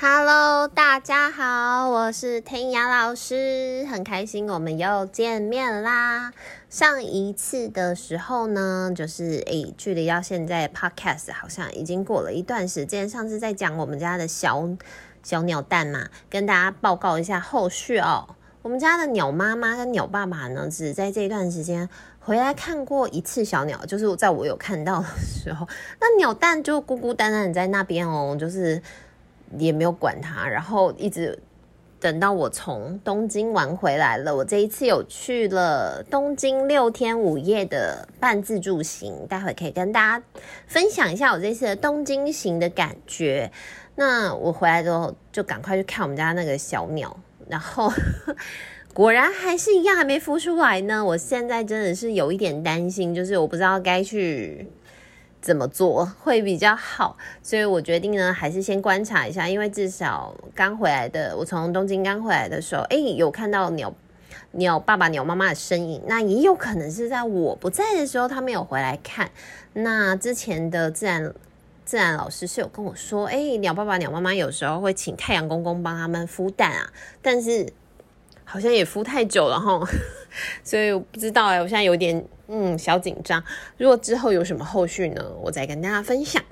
Hello，大家好，我是彈雅老師，很開心我們又見面啦。上一次的時候呢，就是誒、欸，距離到現在 Podcast 好像已經過了一段時間。上次在講我們家的小小鳥蛋嘛，跟大家報告一下後續哦。我們家的鳥媽媽跟鳥爸爸呢，只在這一段時間回來看過一次小鳥，就是在我有看到的時候，那鳥蛋就孤孤單單在那邊哦，就是。也沒有管它，然後一直等到我從東京玩回來了。我這一次有去了東京六天五夜的半自助行，待會可以跟大家分享一下我這次的東京行的感覺。那我回來之後就趕快去看我們家那個小鳥，然後呵呵，果然還是一樣還沒孵出來呢。我現在真的是有一點擔心，就是我不知道該去。怎麼做會比較好？所以我決定呢，還是先觀察一下，因為至少剛回來的，我從東京剛回來的時候，哎、欸，有看到鳥鳥爸爸、鳥媽媽的身影。那也有可能是在我不在的時候，他沒有回來看。那之前的自然自然老師是有跟我說，哎、欸，鳥爸爸、鳥媽媽有時候會請太陽公公幫他們孵蛋啊，但是好像也孵太久了哈，所以我不知道哎、欸，我現在有點。嗯，小緊張。如果之後有什麼後續呢，我再跟大家分享。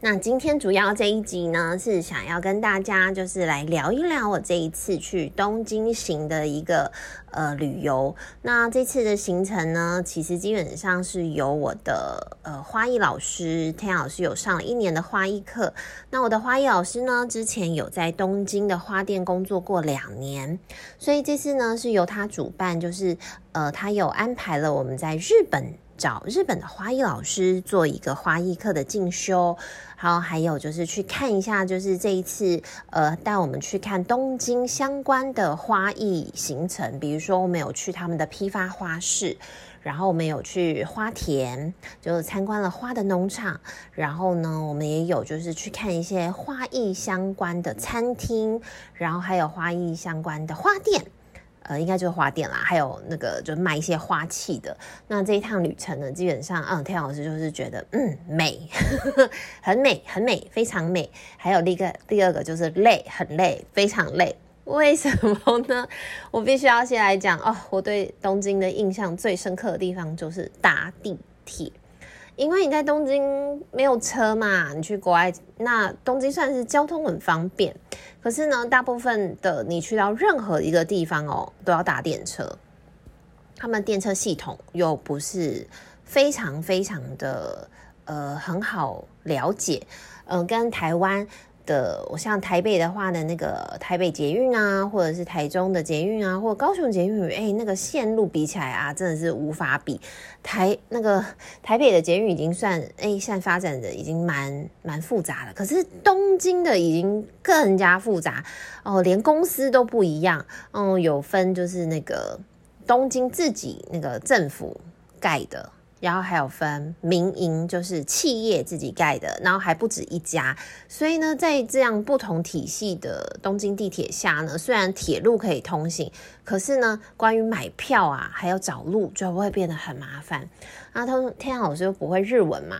那今天主要這一集呢，是想要跟大家就是來聊一聊我這一次去東京行的一個呃旅遊。那這次的行程呢，其實基本上是由我的呃花藝老師天老師有上了一年的花藝課。那我的花藝老師呢，之前有在東京的花店工作過兩年，所以這次呢是由他主辦，就是呃他有安排了我們在日本。找日本的花藝老師，做一個花藝課的進修，然後還有就是去看一下，就是這一次呃帶我們去看東京相關的花藝行程，比如說我們有去他們的批發花市，然後我們有去花田，就參觀了花的農場，然後呢我們也有就是去看一些花藝相關的餐廳，然後還有花藝相關的花店。呃，應該就是花店啦，還有那個就賣一些花器的。那這一趟旅程呢，基本上，嗯，彈雅老師就是覺得，嗯，美， 很美，很美，非常美。還有另一個，第二個就是累，很累，非常累。為什麼呢？我必須要先來講哦，我對東京的印象最深刻的地方就是搭地鐵。因為你在東京沒有車嘛，你去國外，那東京算是交通很方便。可是呢，大部分的你去到任何一個地方哦，都要搭電車。他們電車系統又不是非常非常的呃很好了解，嗯、呃，跟台灣的我像台北的話的那個台北捷運啊，或者是台中的捷運啊，或者高雄捷運，哎、欸，那個線路比起來啊，真的是無法比。台那個台北的捷運已經算，哎、欸，現在發展的已經蠻蠻複雜了。可是東京的已經更加複雜哦，連公司都不一樣，哦、嗯，有分就是那個東京自己那個政府蓋的。然後還有分民營，就是企業自己蓋的，然後還不止一家，所以呢，在這樣不同體系的東京地鐵下呢，雖然鐵路可以通行，可是呢，關於買票啊，還要找路，就會變得很麻煩。啊，他們 Tanya 老師又不會日文嘛，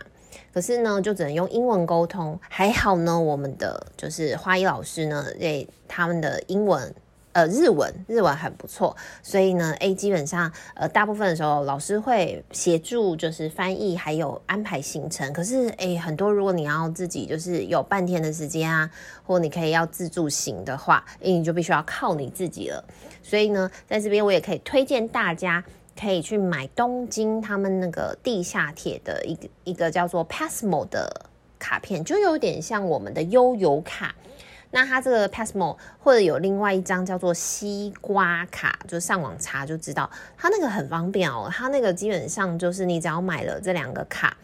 可是呢，就只能用英文溝通，還好呢，我們的就是花一老師呢，在他們的英文。呃，日文日文很不錯，所以呢，誒基本上呃大部分的時候老師會協助，就是翻譯還有安排行程。可是誒，很多如果你要自己就是有半天的時間啊，或你可以要自助行的話誒，你就必須要靠你自己了。所以呢，在這邊我也可以推薦大家可以去買東京他們那個地下鐵的一個一個叫做 PASMO 的卡片，就有點像我們的悠遊卡。那它這個 PASMO 或者有另外一張叫做西瓜卡，就上網查，就知道，它那個很方便哦。它那個基本上就是你只要買了這兩個卡，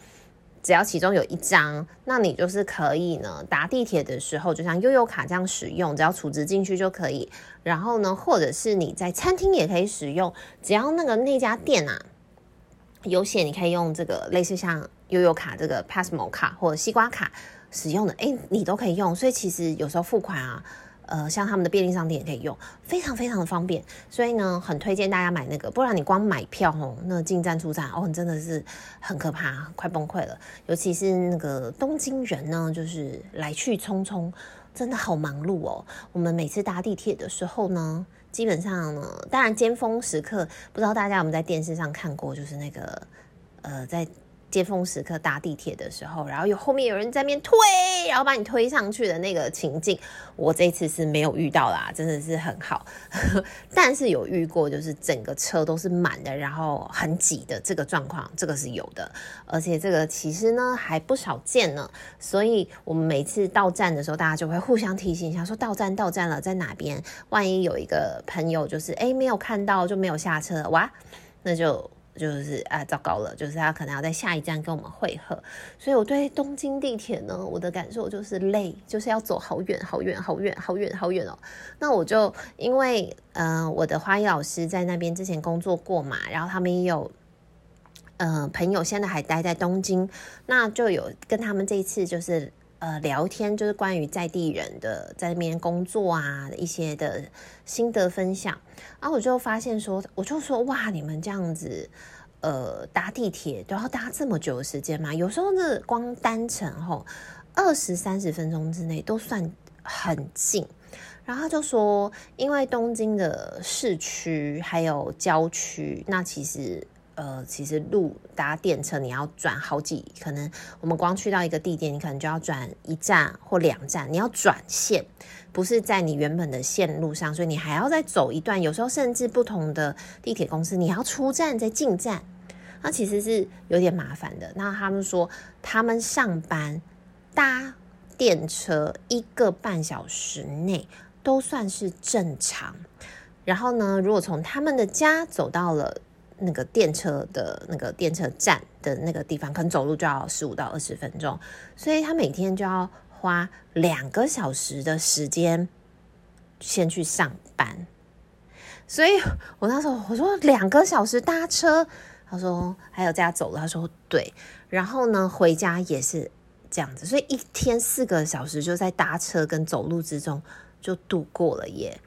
只要其中有一張，那你就是可以呢，搭地鐵的時候就像悠遊卡這樣使用，只要儲值進去就可以。然後呢，或者是你在餐廳也可以使用，只要那個那家店啊有寫，你可以用這個類似像悠遊卡這個 PASMO 卡或者西瓜卡。使用的哎、欸，你都可以用，所以其實有時候付款啊，呃，像他們的便利商店也可以用，非常非常的方便，所以呢，很推薦大家買那個，不然你光買票哦，那進站出站哦，你真的是很可怕，快崩潰了。尤其是那個東京人呢，就是來去匆匆，真的好忙碌哦。我們每次搭地鐵的時候呢，基本上呢，當然尖峰時刻，不知道大家有沒有在電視上看過，就是那個呃，在。尖峰時刻搭地鐵的時候，然後有後面有人在面推，然後把你推上去的那個情境，我這次是沒有遇到啦、啊，真的是很好。 但是有遇過，就是整個車都是滿的，然後很擠的這個狀況，這個是有的，而且這個其實呢還不少見呢。所以我們每次到站的時候，大家就會互相提醒一下，說到站到站了在哪邊，萬一有一個朋友就是誒沒有看到就沒有下車哇，那就。就是啊，糟糕了，就是他、啊、可能要在下一站跟我們會合，所以我對東京地鐵呢，我的感受就是累，就是要走好遠好遠好遠好遠好遠哦。那我就因為，嗯、呃，我的花藝老師在那邊之前工作過嘛，然後他們也有，嗯、呃，朋友現在還待在東京，那就有跟他們這一次就是。呃，聊天就是關於在地人的在那邊工作啊，一些的心得分享。然後我就發現說，我就說哇，你們這樣子，呃，搭地鐵都要搭這麼久的時間嘛？有時候是光單程吼，二十三十分鐘之內都算很近。好然後就說，因為東京的市區還有郊區，那其實。呃，其實路搭電車你要轉好幾，可能我們光去到一個地點你可能就要轉一站或兩站，你要轉線，不是在你原本的線路上，所以你還要再走一段，有時候甚至不同的地鐵公司，你要出站再進站，那其實是有點麻煩的。那他們說，他們上班搭電車一個半小時內都算是正常，然後呢，如果從他們的家走到了。那個電車的那個電車站的那個地方，可能走路就要十五到二十分鐘，所以他每天就要花兩個小時的時間先去上班。所以我那時候我說，兩個小時搭車，他說還有家走了，他說對，然後呢，回家也是這樣子，所以一天四個小時就在搭車跟走路之中就度過了耶。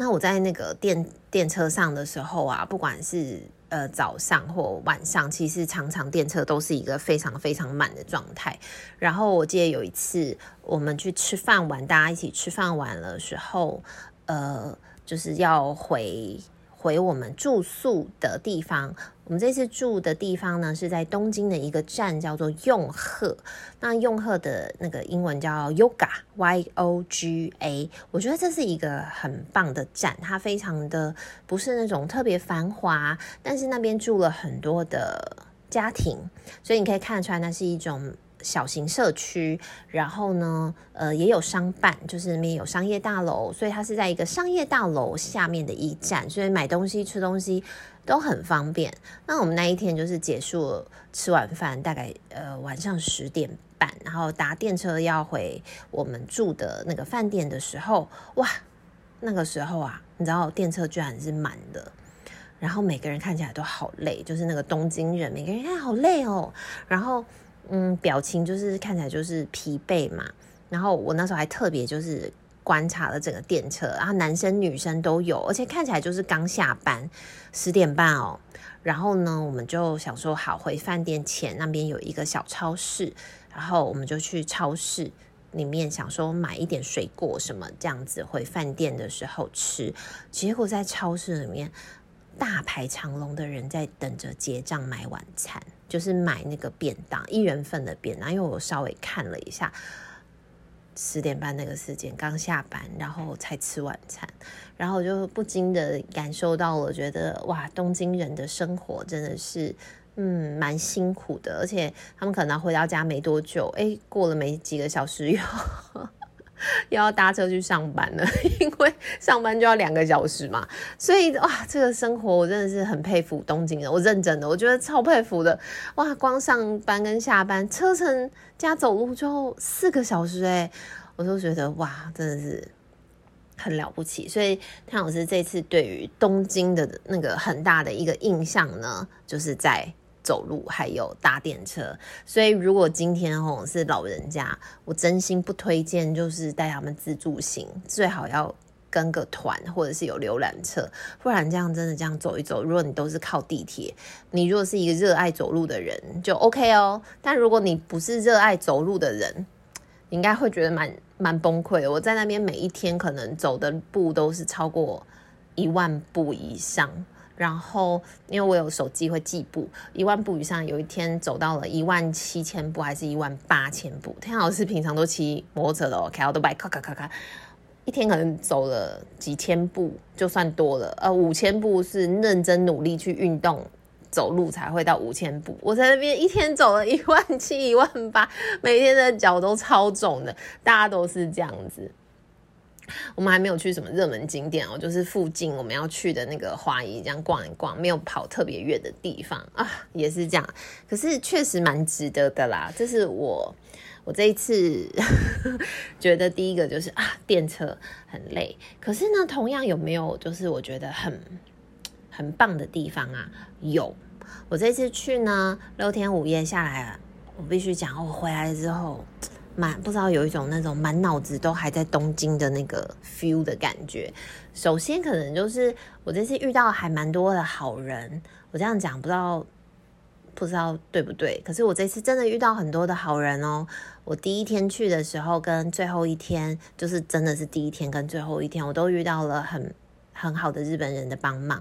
那我在那個電電車上的時候啊，不管是呃早上或晚上，其實常常電車都是一個非常非常滿的狀態。然後我記得有一次我們去吃飯玩，大家一起吃飯完了時候，呃，就是要回。回我們住宿的地方，我們這次住的地方呢是在東京的一個站，叫做用賀。那用賀的那個英文叫 Yoga，Y-O-G-A。我覺得這是一個很棒的站，它非常的不是那種特別繁華，但是那邊住了很多的家庭，所以你可以看得出來，那是一種，小型社區，然後呢，呃，也有商辦，就是裡面有商業大樓，所以它是在一個商業大樓下面的一站，所以買東西、吃東西都很方便。那我們那一天就是結束吃完飯，大概呃晚上十點半，然後搭電車要回我們住的那個飯店的時候，哇，那個時候啊，你知道電車居然是滿的，然後每個人看起來都好累，就是那個東京人，每個人哎好累哦，然後。嗯，表情就是看起來就是疲憊嘛。然後我那時候還特別就是觀察了整個電車，然後男生女生都有，而且看起來就是剛下班，十點半哦。然後呢，我們就想說好，回飯店前那邊有一個小超市，然後我們就去超市裡面想說買一點水果什麼，這樣子回飯店的時候吃。結果在超市裡面。大排長龍的人在等着結賬買晚餐，就是買那個便當，一人份的便當。因為我稍微看了一下，十點半那個時間剛下班，然後才吃晚餐，然後我就不禁的感受到了，我覺得哇，東京人的生活真的是，嗯，蠻辛苦的，而且他們可能回到家沒多久，哎、欸，過了沒幾個小時以後。 又要搭車去上班了，因為上班就要兩個小時嘛，所以哇，這個生活我真的是很佩服東京人，我認真的，我覺得超佩服的，哇，光上班跟下班車程加走路就四個小時哎、欸，我都覺得哇，真的是很了不起，所以 Tanya 老師這次對於東京的那個很大的一個印象呢，就是在。走路還有搭電車，所以如果今天吼、哦、是老人家，我真心不推薦，就是帶他們自助行，最好要跟個團或者是有遊覽車，不然這樣真的這樣走一走。如果你都是靠地鐵，你如果是一個熱愛走路的人就 OK 哦，但如果你不是熱愛走路的人，你應該會覺得蠻蠻崩潰。我在那邊每一天可能走的步都是超過一萬步以上。然後，因為我有手機會記步，一萬步以上，有一天走到了一萬七千步，還是一萬八千步。Tanya 老師平常都騎摩托車的哦 c o 都咔咔咔咔，一天可能走了幾千步就算多了，呃，五千步是認真努力去運動走路才會到五千步。我在那邊一天走了一萬七、一萬八，每天的腳都超腫的，大家都是這樣子。我們還沒有去什麼熱門景點哦，就是附近我們要去的那個華誼這樣逛一逛，沒有跑特別遠的地方啊，也是這樣。可是確實蠻值得的啦，這是我我這一次 覺得第一個就是啊，電車很累。可是呢，同樣有沒有就是我覺得很很棒的地方啊？有，我這次去呢，六天五夜下來啊，我必須講，我回來之後。滿不知道有一種那種滿腦子都還在東京的那個 feel 的感覺。首先，可能就是我這次遇到還蠻多的好人。我這樣講不知道不知道對不對？可是我這次真的遇到很多的好人哦。我第一天去的時候跟最後一天，就是真的是第一天跟最後一天，我都遇到了很很好的日本人的幫忙。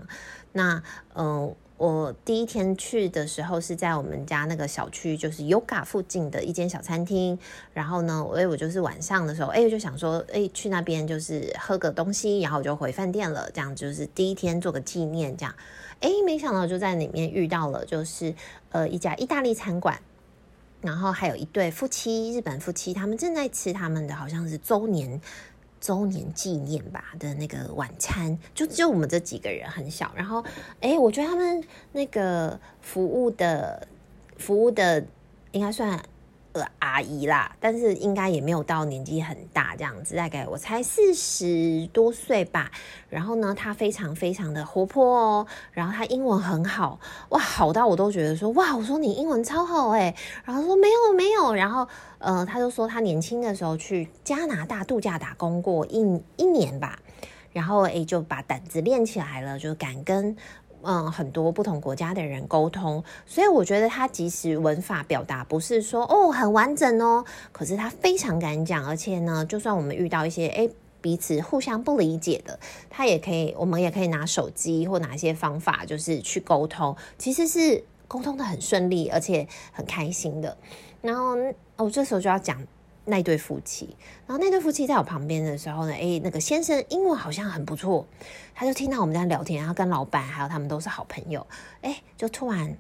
那嗯、呃。我第一天去的時候是在我們家那個小區，就是 Yoga 附近的一間小餐廳。然後呢，我就是晚上的時候，哎，我就想說，哎，去那邊就是喝個東西，然後我就回飯店了。這樣就是第一天做個紀念，這樣，哎，沒想到就在裡面遇到了，就是呃一家意大利餐館，然後還有一對夫妻，日本夫妻，他們正在吃他們的好像是周年。周年紀念吧的那個晚餐，就只有我們這幾個人，很小，然後哎、欸，我覺得他們那個服務的，服務的應該算。呃，阿姨啦，但是應該也沒有到年紀很大這樣子，大概我才四十多歲吧。然後呢，她非常非常的活潑哦、喔，然後她英文很好，哇，好到我都覺得說哇，我說你英文超好哎、欸。然後說沒有沒有，然後呃，她就說她年輕的時候去加拿大度假打工過一一年吧，然後哎、欸、就把膽子練起來了，就敢跟。嗯，很多不同國家的人溝通，所以我覺得他即使文法表達不是說哦很完整哦，可是他非常敢講，而且呢，就算我們遇到一些哎、欸、彼此互相不理解的，他也可以，我們也可以拿手機或哪一些方法就是去溝通，其實是溝通得很順利，而且很開心的。然後哦，這時候就要講。那一對夫妻，然後那對夫妻在我旁邊的時候呢，誒，那個先生英文好像很不錯，他就聽到我們在聊天，然後跟老板還有他們都是好朋友，誒，就突然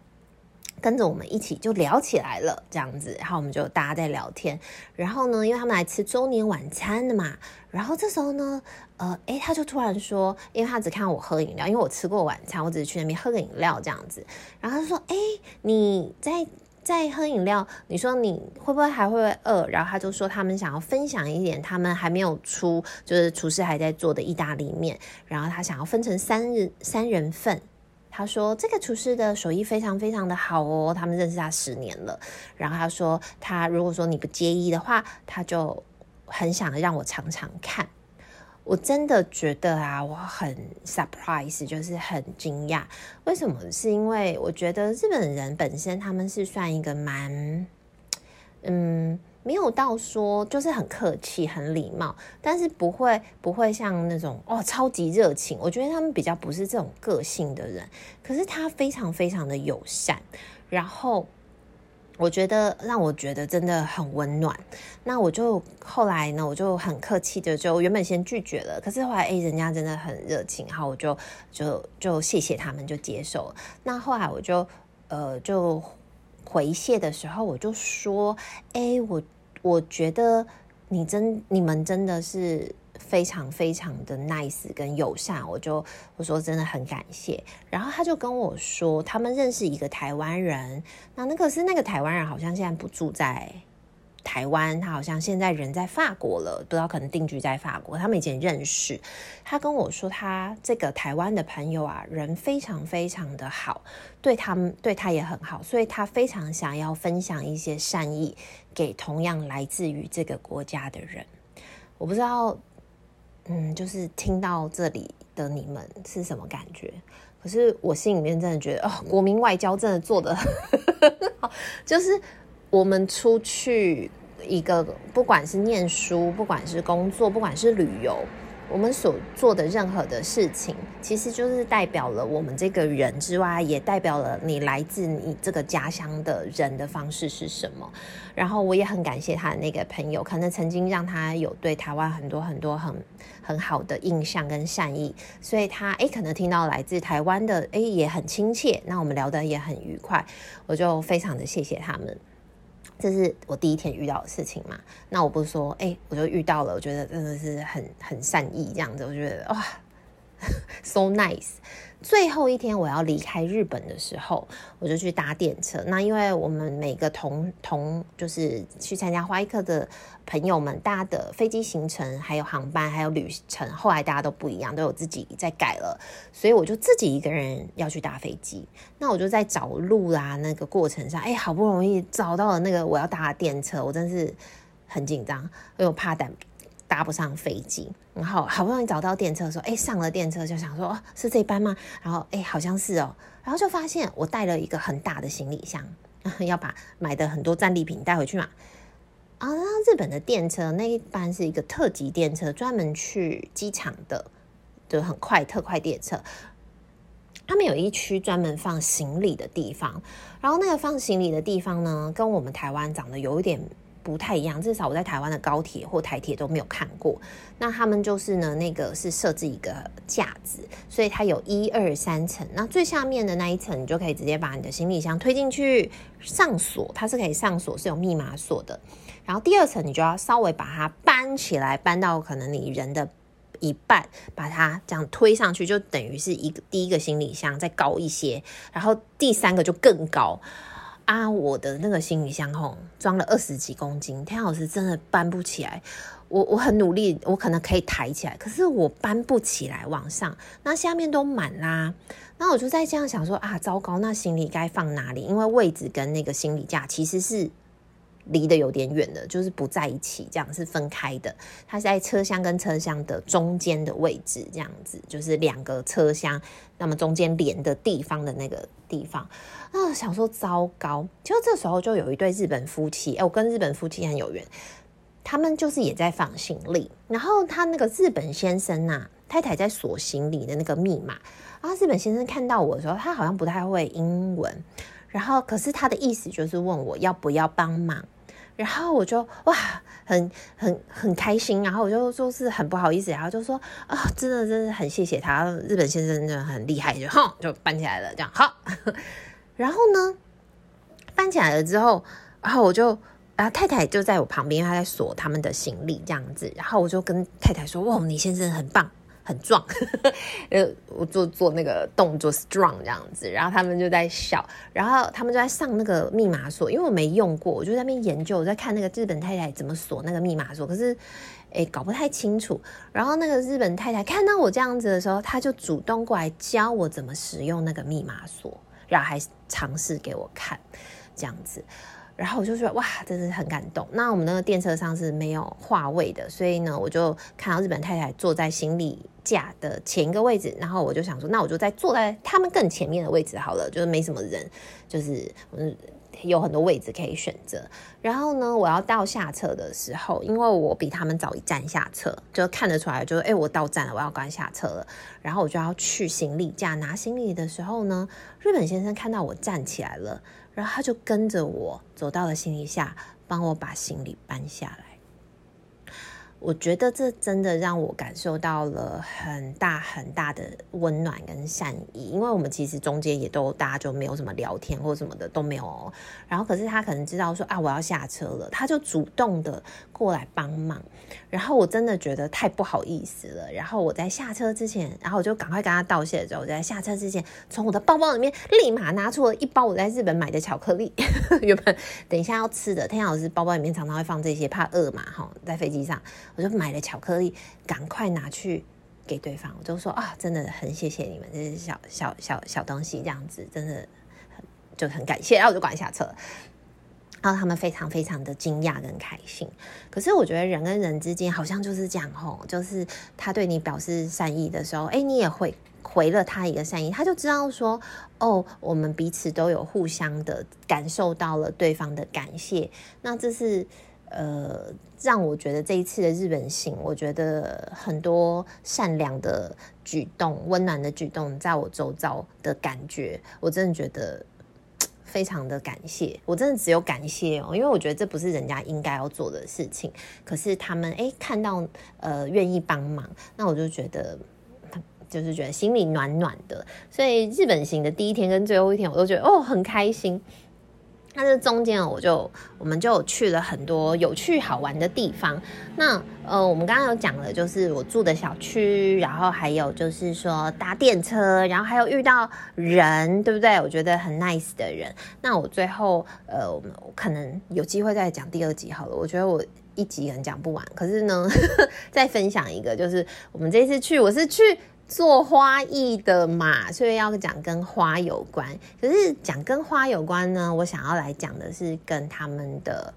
跟着我們一起就聊起來了，這樣子，然後我們就大家在聊天，然後呢，因為他們來吃周年晚餐的嘛，然後這時候呢，呃，誒，他就突然說，因為他只看到我喝飲料，因為我吃過晚餐，我只是去那邊喝個飲料這樣子，然後他就說，誒，你在。在喝飲料，你說你會不會還會餓？然後他就說他們想要分享一點他們還沒有出，就是廚師還在做的意大利麵。然後他想要分成三人三人份。他說這個廚師的手藝非常非常的好哦，他們認識他十年了。然後他說他如果說你不介意的話，他就很想讓我嘗嘗看。我真的覺得啊，我很 surprise，就是很驚訝。為什麼？是因為我覺得日本人本身他們是算一個蠻，嗯，沒有到說就是很客氣、很禮貌，但是不會不會像那種哦超級熱情。我覺得他們比較不是這種個性的人，可是他非常非常的友善，然後……我覺得讓我覺得真的很溫暖。那我就後來呢，我就很客氣的就，就原本先拒絕了。可是後來，哎、欸，人家真的很熱情，然後我就就就謝謝他們，就接受了。那後來我就呃就回謝的時候，我就說，哎、欸，我我覺得你真你們真的是。非常非常的 nice 跟友善，我就我說真的很感謝。然後他就跟我說，他們認識一個台灣人，那那個是那個台灣人，好像現在不住在台灣，他好像現在人在法國了，不知道可能定居在法國。他們以前認識，他跟我說，他這個台灣的朋友啊，人非常非常的好，對他們對他也很好，所以他非常想要分享一些善意給同樣來自於這個國家的人。我不知道。嗯，就是聽到這裡的你們是什麼感覺？可是我心裡面真的覺得，哦，國民外交真的做得很 好，就是我們出去一個，不管是念書，不管是工作，不管是旅遊。我們所做的任何的事情，其實就是代表了我們這個人之外，也代表了你來自你這個家鄉的人的方式是什麼。然後我也很感謝他的那個朋友，可能曾經讓他有對台灣很多很多很很好的印象跟善意，所以他誒可能聽到來自台灣的誒也很親切，那我們聊得也很愉快，我就非常的謝謝他們。這是我第一天遇到的事情嘛，那我不是說，哎、欸，我就遇到了，我覺得真的是很很善意這樣子，我覺得哇，so nice。最後一天我要離開日本的時候，我就去搭電車。那因為我們每個同同就是去參加花藝課的朋友們大家的飛機行程、還有航班、還有旅程，後來大家都不一樣，都有自己在改了。所以我就自己一個人要去搭飛機。那我就在找路啦、啊，那個過程上，哎、欸，好不容易找到了那個我要搭的電車，我真是很緊張，因為我怕等。搭不上飛機，然後好不容易找到電車的時候，說：“哎，上了電車就想說，哦，是這班嗎？”然後，哎，好像是哦，然後就發現我帶了一個很大的行李箱，要把買的很多戰利品帶回去嘛。啊，日本的電車那一班是一個特級電車，專門去機場的，就是，很快特快電車。他們有一區專門放行李的地方，然後那個放行李的地方呢，跟我們台灣長得有一點不太一樣，至少我在台灣的高鐵或台鐵都沒有看過。那他們就是呢，那個是設置一個架子，所以它有一二三層。那最下面的那一層，你就可以直接把你的行李箱推進去上鎖，它是可以上鎖，是有密碼鎖的。然後第二層你就要稍微把它搬起來，搬到可能你人的一半，把它這樣推上去，就等於是一個第一個行李箱再高一些，然後第三個就更高。啊，我的那個行李箱吼裝了二十幾公斤，Tanya 老師真的搬不起來。我我很努力，我可能可以抬起來，可是我搬不起來往上。那下面都滿啦、啊，那我就在這樣想說啊，糟糕，那行李該放哪裡？因為位置跟那個行李架其實是。離得有點遠了，就是不在一起，這樣是分開的。他在車廂跟車廂的中間的位置，這樣子就是兩個車廂那麼中間連的地方的那個地方。啊、呃，想說糟糕！結果這時候就有一對日本夫妻，哎、欸，我跟日本夫妻很有緣，他們就是也在放行李。然後他那個日本先生吶、啊，太太在鎖行李的那個密碼。啊，日本先生看到我的時候，他好像不太會英文，然後可是他的意思就是問我要不要幫忙。然後我就哇，很很很開心，然後我就說是很不好意思，然後就說啊、哦，真的真的很謝謝他，日本先生真的很厲害，就哼就搬起來了這樣好， 然後呢，搬起來了之後，然後我就啊，太太就在我旁邊，他她在鎖他們的行李這樣子，然後我就跟太太說，哇，你先生很棒。很壯，呃， 我做做那個動作，strong 這樣子，然後他們就在笑，然後他們就在上那個密碼鎖，因為我沒用過，我就在那邊研究，我在看那個日本太太怎麼鎖那個密碼鎖，可是，誒，欸，搞不太清楚。然後那個日本太太看到我這樣子的時候，她就主動過來教我怎麼使用那個密碼鎖，然後還嘗試給我看，這樣子。然後我就說，哇，真是很感動。那我們那個電車上是沒有劃位的，所以呢，我就看到日本太太坐在行李架的前一個位置，然後我就想說，那我就再坐在他們更前面的位置好了，就是沒什麼人，就是嗯，有很多位置可以選擇。然後呢，我要到下車的時候，因為我比他們早一站下車，就看得出來，就是哎、欸，我到站了，我要趕下車了。然後我就要去行李架拿行李的時候呢，日本先生看到我站起來了。然後他就跟着我走到了行李下，幫我把行李搬下來。我覺得這真的讓我感受到了很大很大的溫暖跟善意，因為我們其實中間也都大家就沒有什麼聊天或什麼的都沒有、哦，然後可是他可能知道說啊我要下車了，他就主動的過來幫忙，然後我真的覺得太不好意思了，然後我在下車之前，然後我就趕快跟他道謝的時候，我在下車之前，從我的包包裡面立馬拿出了一包我在日本買的巧克力， 原本等一下要吃的，Tanya 老師包包裡面常常會放這些，怕餓嘛，吼，在飛機上。我就買了巧克力，趕快拿去給對方。我就說啊，哦，真的很謝謝你們，這些小小小小東西，這樣子真的很就很感謝。然後我就趕緊下車，然後他們非常非常的驚訝跟開心。可是我覺得人跟人之間好像就是這樣吼，就是他對你表示善意的時候，欸，你也回回了他一個善意，他就知道說哦，我們彼此都有互相的感受到了對方的感謝。那這是。呃，讓我覺得這一次的日本行，我覺得很多善良的舉動、溫暖的舉動，在我周遭的感覺，我真的覺得非常的感謝。我真的只有感謝哦，因為我覺得這不是人家應該要做的事情，可是他們誒看到呃願意幫忙，那我就覺得就是覺得心裡暖暖的。所以日本行的第一天跟最後一天，我都覺得哦很開心。那這中間我就，我們就去了很多有趣好玩的地方。那呃，我們剛剛有講了，就是我住的小區，然後還有就是說搭電車，然後還有遇到人，對不對？我覺得很 nice 的人。那我最後呃，可能有機會再講第二集好了。我覺得我一集很講不完，可是呢， 再分享一個，就是我們這次去，我是去。做花藝的嘛，所以要講跟花有關。可是講跟花有關呢，我想要來講的是跟他們的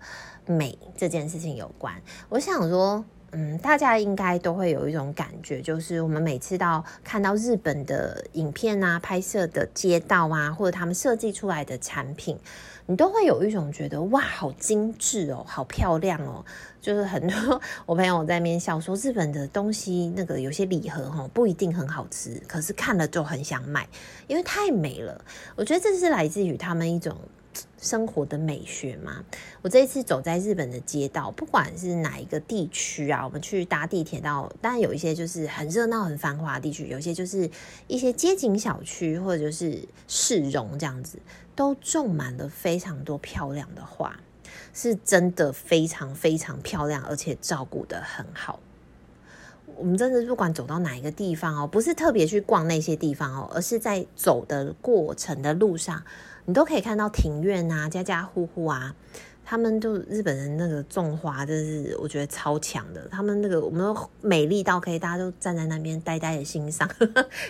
美這件事情有關。我想說。嗯，大家應該都會有一種感覺，就是我們每次到看到日本的影片啊、拍攝的街道啊，或者他們設計出來的產品，你都會有一種覺得哇，好精緻哦，好漂亮哦。就是很多我朋友在面笑說，日本的東西那個有些禮盒哦，不一定很好吃，可是看了就很想買，因為太美了。我覺得這是來自於他們一種。生活的美學嘛，我這一次走在日本的街道，不管是哪一個地區啊，我們去搭地鐵到，當然有一些就是很熱鬧、很繁華的地區，有一些就是一些街景小區或者就是市容這樣子，都種滿了非常多漂亮的花，是真的非常非常漂亮，而且照顧得很好。我們真的不管走到哪一個地方哦，不是特別去逛那些地方哦，而是在走的過程的路上。你都可以看到庭院啊，家家戶戶啊，他們就日本人那個種花，真是我覺得超強的。他們那個我們都美麗到可以，大家都站在那邊呆呆的欣賞，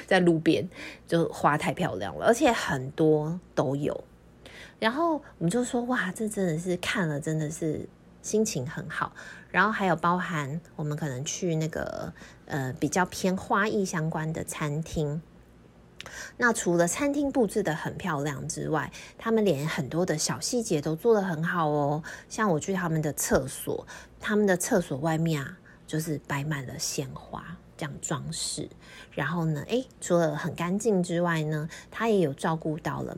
在路邊就花太漂亮了，而且很多都有。然後我們就說，哇，這真的是，看了真的是心情很好。然後還有包含我們可能去那個呃比較偏花藝相關的餐廳。那除了餐廳布置得很漂亮之外，他們連很多的小細節都做得很好哦。像我去他們的廁所，他們的廁所外面啊，就是擺滿了鮮花這樣裝飾。然後呢，哎，除了很乾淨之外呢，他也有照顧到了。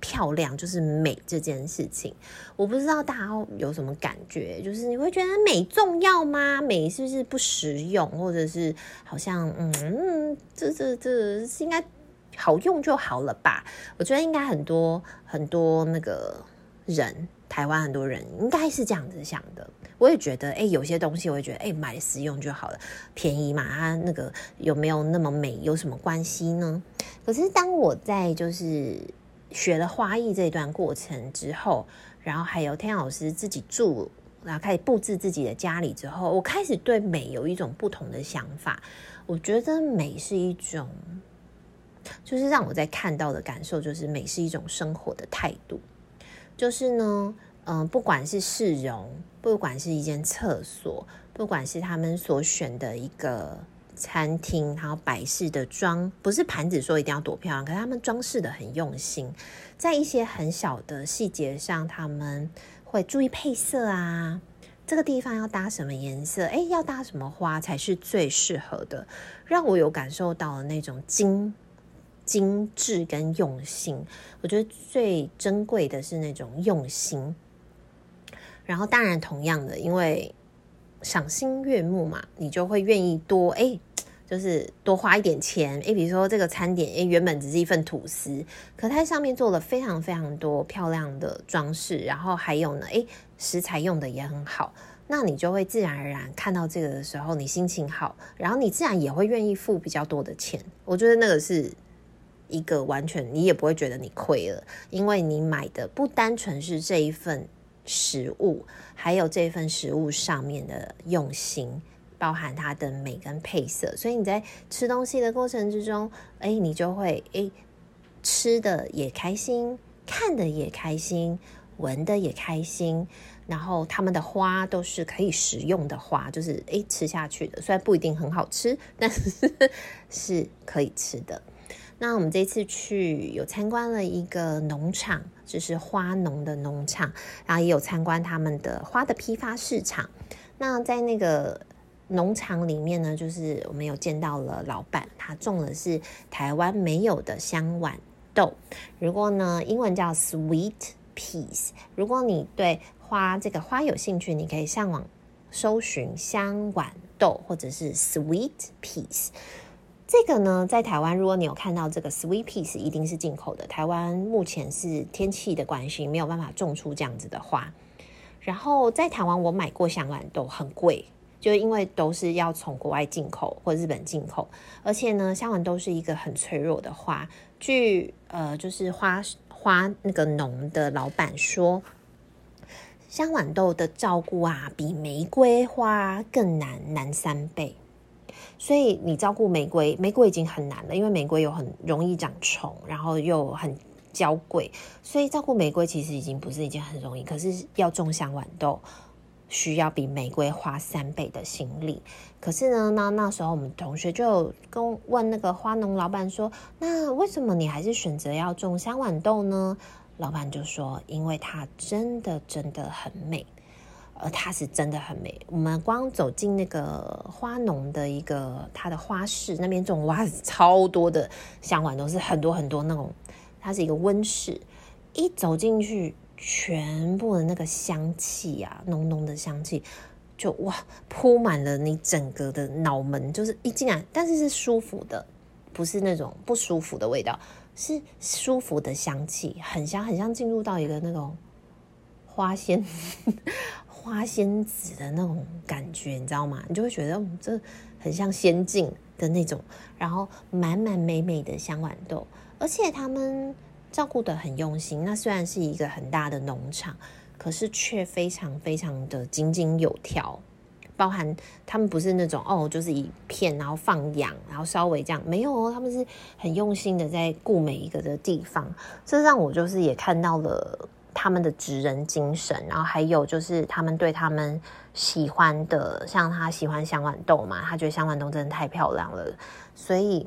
漂亮就是美這件事情，我不知道大家有什麼感覺，就是你會覺得美重要嗎？美是不是不實用，或者是好像嗯，嗯，這這這應該好用就好了吧？我覺得應該很多很多那個人，台灣很多人應該是這樣子想的。我也覺得，哎、欸，有些東西我也覺得，哎、欸，買實用就好了，便宜嘛，它那個有沒有那麼美有什麼關係呢？可是當我在就是。學了花藝這段過程之後，然後還有 Tanya 老師自己住，然後開始布置自己的家裡之後，我開始對美有一種不同的想法。我覺得美是一種，就是讓我在看到的感受，就是美是一種生活的態度。就是呢，嗯，不管是市容，不管是一間廁所，不管是他們所選的一個。餐廳還有擺飾的裝，不是盤子說一定要多漂亮，可是他們裝飾得很用心，在一些很小的細節上，他們會注意配色啊，這個地方要搭什麼顏色，哎，要搭什麼花才是最適合的，讓我有感受到那種精精緻跟用心。我覺得最珍貴的是那種用心。然後當然，同樣的，因為賞心悅目嘛，你就會願意多哎。誒就是多花一點錢，誒，比如說這個餐點，哎，原本只是一份吐司，可它上面做了非常非常多漂亮的裝飾，然後還有呢，誒，食材用的也很好，那你就會自然而然看到這個的時候，你心情好，然後你自然也會願意付比較多的錢。我覺得那個是一個完全，你也不會覺得你虧了，因為你買的不單純是這一份食物，還有這份食物上面的用心。包含它的美跟配色，所以你在吃東西的過程之中，誒，你就會誒，吃的也開心，看的也開心，聞的也開心。然後他們的花都是可以食用的花，就是誒，吃下去的，雖然不一定很好吃，但是是可以吃的。那我們這次去有參觀了一個農場，就是花農的農場，然後也有參觀他們的花的批發市場。那在那個。農場裡面呢，就是我們有見到了老闆，他種的是台灣沒有的香豌豆，如果呢，英文叫 sweet peas。如果你對花這個花有興趣，你可以上網搜尋香豌豆或者是 sweet peas。這個呢，在台灣，如果你有看到這個 sweet peas，一定是進口的。台灣目前是天氣的關係，沒有辦法種出這樣子的花。然後在台灣，我買過香豌豆，很貴。就因為都是要從國外進口或日本進口，而且呢，香豌豆是一個很脆弱的花。據呃，就是花花那個農的老板說，香豌豆的照顧啊，比玫瑰花更難，難三倍。所以你照顧玫瑰，玫瑰已經很難了，因為玫瑰有很容易長蟲，然後又很嬌貴，所以照顧玫瑰其實已經不是一件很容易。可是要種香豌豆。需要比玫瑰花三倍的心力，可是呢，那那時候我們同學就跟問那個花農老板說：“那為什麼你還是選擇要種香豌豆呢？”老板就說：“因為它真的真的很美，而它是真的很美。我們光走進那個花農的一個它的花室那邊，種花是超多的，香豌豆是很多很多那種，它是一個溫室，一走進去。”全部的那個香氣啊，濃濃的香氣，就哇鋪滿了你整個的腦門，就是一進來，但是是舒服的，不是那種不舒服的味道，是舒服的香氣，很香，很像進入到一個那種花仙花仙子的那種感覺，你知道嗎？你就會覺得，這很像仙境的那種，然後滿滿美美的香豌豆，而且他們。照顧得很用心。那雖然是一個很大的農場，可是卻非常非常的井井有條，包含他們不是那種哦，就是一片然後放養，然後稍微這樣，沒有，哦，他們是很用心的在顧每一個的地方。這讓我就是也看到了他們的職人精神，然後還有就是他們對他們喜歡的，像他喜歡香豌豆嘛，他覺得香豌豆真的太漂亮了，所以。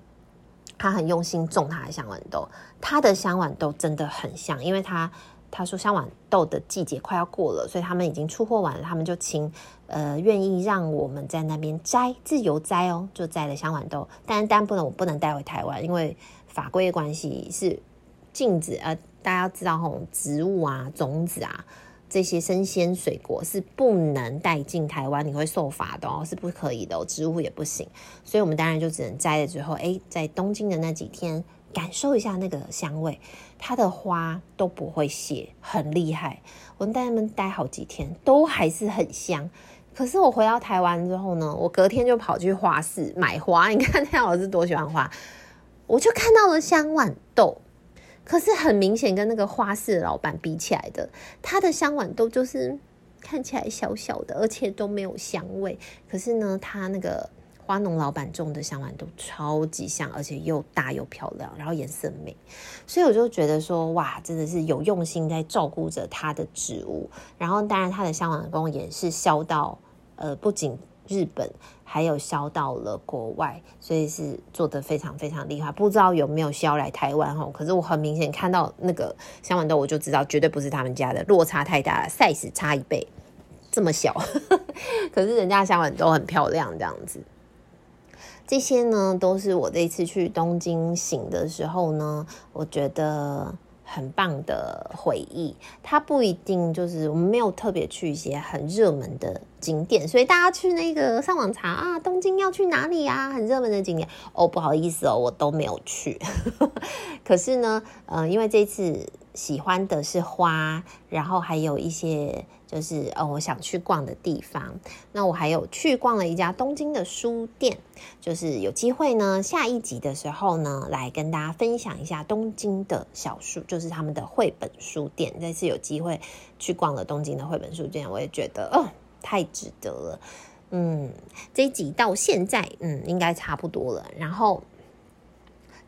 他很用心種他的香豌豆，他的香豌豆真的很香，因為他他說香豌豆的季節快要過了，所以他們已經出貨完了，他們就請呃願意讓我們在那邊摘，自由摘哦，就摘了香豌豆，但但不能，我不能帶回台灣，因為法規的關係是禁止。呃大家要知道吼，植物啊種子啊，這些生鮮水果是不能帶進台灣，你會受罰的哦，是不可以的哦，植物也不行。所以我們當然就只能摘了之後，哎，在東京的那幾天，感受一下那個香味，它的花都不會謝，很厲害。我們在那邊待好幾天，都還是很香。可是我回到台灣之後呢，我隔天就跑去花市買花，你看 Tanya 老師多喜歡花，我就看到了香豌豆。可是很明顯，跟那個花市老板比起來的，他的香豌豆就是看起來小小的，而且都沒有香味。可是呢，他那個花農老板種的香豌豆超級香，而且又大又漂亮，然後顏色美。所以我就覺得說，哇，真的是有用心在照顧着他的植物。然後當然，他的香豌豆也是銷到，呃，不僅。日本還有銷到了國外，所以是做得非常非常厲害。不知道有沒有銷來台灣哈？可是我很明顯看到那個香豌豆，我就知道絕對不是他們家的，落差太大了，size 差一倍，這麼小，呵呵，可是人家香豌豆很漂亮，這樣子。這些呢，都是我這一次去東京行的時候呢，我覺得。很棒的回憶，它，不一定就是我們沒有特別去一些很熱門的景點，所以大家去那個上網查啊，東京要去哪裡啊？很熱門的景點哦，不好意思哦，我都沒有去。 可是呢，呃，因為這次喜歡的是花，然後還有一些。就是哦，我想去逛的地方。那我還有去逛了一家東京的書店，就是有機會呢，下一集的時候呢，來跟大家分享一下東京的小書，就是他們的繪本書店。這次有機會去逛了東京的繪本書店，我也覺得哦，太值得了。嗯，這一集到現在，嗯，應該差不多了。然後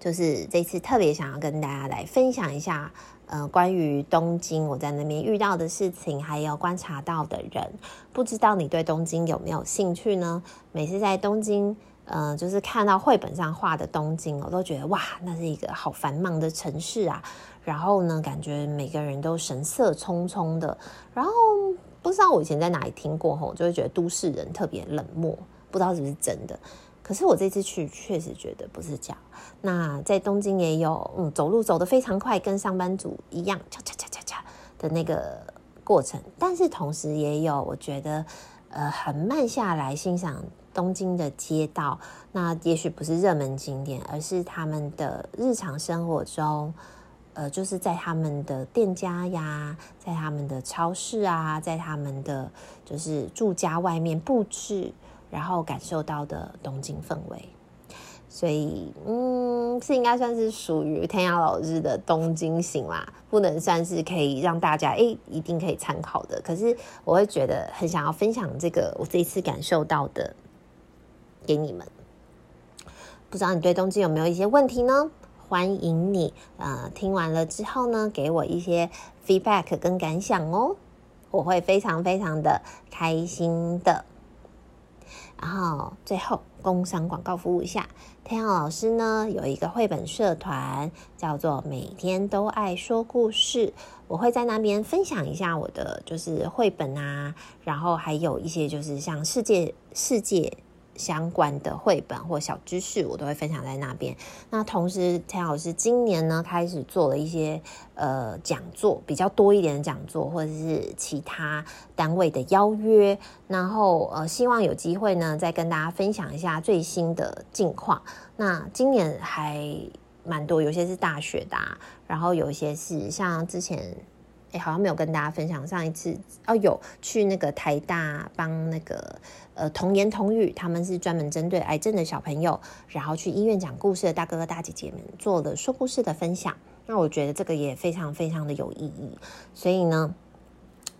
就是這次特別想要跟大家來分享一下。呃，關於東京，我在那邊遇到的事情，還有觀察到的人，不知道你對東京有沒有興趣呢？每次在東京，呃，就是看到繪本上畫的東京，我都覺得哇，那是一個好繁忙的城市啊。然後呢，感覺每個人都神色匆匆的。然後不知道我以前在哪裡聽過後，我就會覺得都市人特別冷漠，不知道是不是真的。可是我這次去確實覺得不是這樣。那在東京也有，嗯，走路走得非常快，跟上班族一樣，恰恰恰恰恰的那個過程。但是同時也有，我覺得，呃，很慢下來欣賞東京的街道。那也許不是熱門景點，而是他們的日常生活中，呃，就是在他們的店家呀，在他們的超市啊，在他們的就是住家外面布置。然後感受到的東京氛圍，所以嗯，是應該算是屬於彈雅老師的東京行啦，不能算是可以讓大家誒，一定可以參考的。可是我會覺得很想要分享這個我這一次感受到的給你們。不知道你對東京有沒有一些問題呢？歡迎你，呃，聽完了之後呢，給我一些 feedback 跟感想哦，我會非常非常的開心的。然後最後，工商廣告服務一下。彈雅老師呢有一個繪本社團，叫做“每天都愛說故事”，我會在那邊分享一下我的，就是繪本啊，然後還有一些就是像世界世界。相關的繪本或小知識，我都會分享在那邊。那同時，彈雅老師今年呢開始做了一些呃講座，比較多一點的講座，或者是其他單位的邀約。然後呃，希望有機會呢再跟大家分享一下最新的近況。那今年還蠻多，有些是大學的、啊，然後有一些是像之前。誒好像沒有跟大家分享上一次哦，有去那個台大幫那個呃童言童語，他們是專門針對癌症的小朋友，然後去醫院講故事的大哥哥大姐姐們做的說故事的分享。那我覺得這個也非常非常的有意義。所以呢，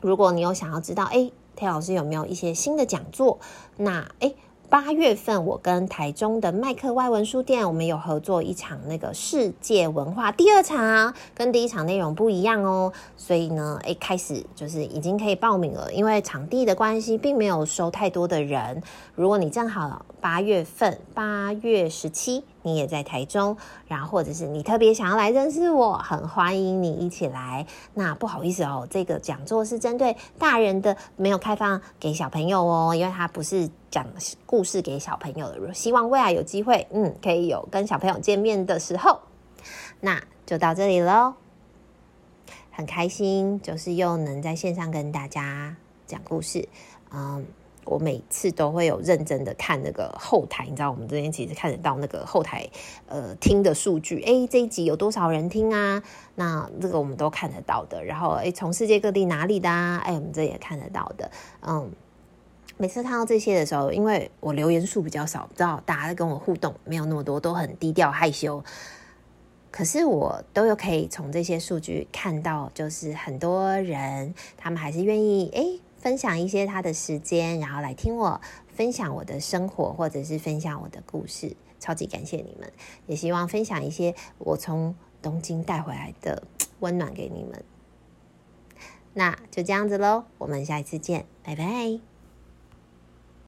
如果你有想要知道，哎，Tanya 老師有沒有一些新的講座，那哎。誒八月份，我跟台中的麥克外文書店，我們有合作一場那個世界文化第二場，跟第一場內容不一樣哦，所以呢，一，欸，開始就是已經可以報名了，因為場地的關係，並沒有收太多的人。如果你正好八月份八月十七。你也在台中，然後或者是你特別想要來認識我，很歡迎你一起來。那不好意思哦，這個講座是針對大人的，沒有開放給小朋友哦，因為它不是講故事給小朋友的。希望未來有機會，嗯，可以有跟小朋友見面的時候，那就到這裡嘍。很開心，就是又能在線上跟大家講故事，嗯。我每次都會有認真的看那個後臺，你知道我們這邊其實看得到那個後台，呃，聽的數據，哎，這一集有多少人聽啊？那這個我們都看得到的。然後，哎，從世界各地哪裡的啊？哎，我們這也看得到的。嗯，每次看到這些的時候，因為我留言數比較少，不知道大家跟我互動沒有那麼多，都很低調害羞。可是我都有可以從這些數據看到，就是很多人他們還是願意哎。誒分享一些他的時間，然後來聽我分享我的生活，或者是分享我的故事，超級感謝你們，也希望分享一些我從東京帶回來的溫暖給你們。那就這樣子嘍，我們下一次見，拜拜。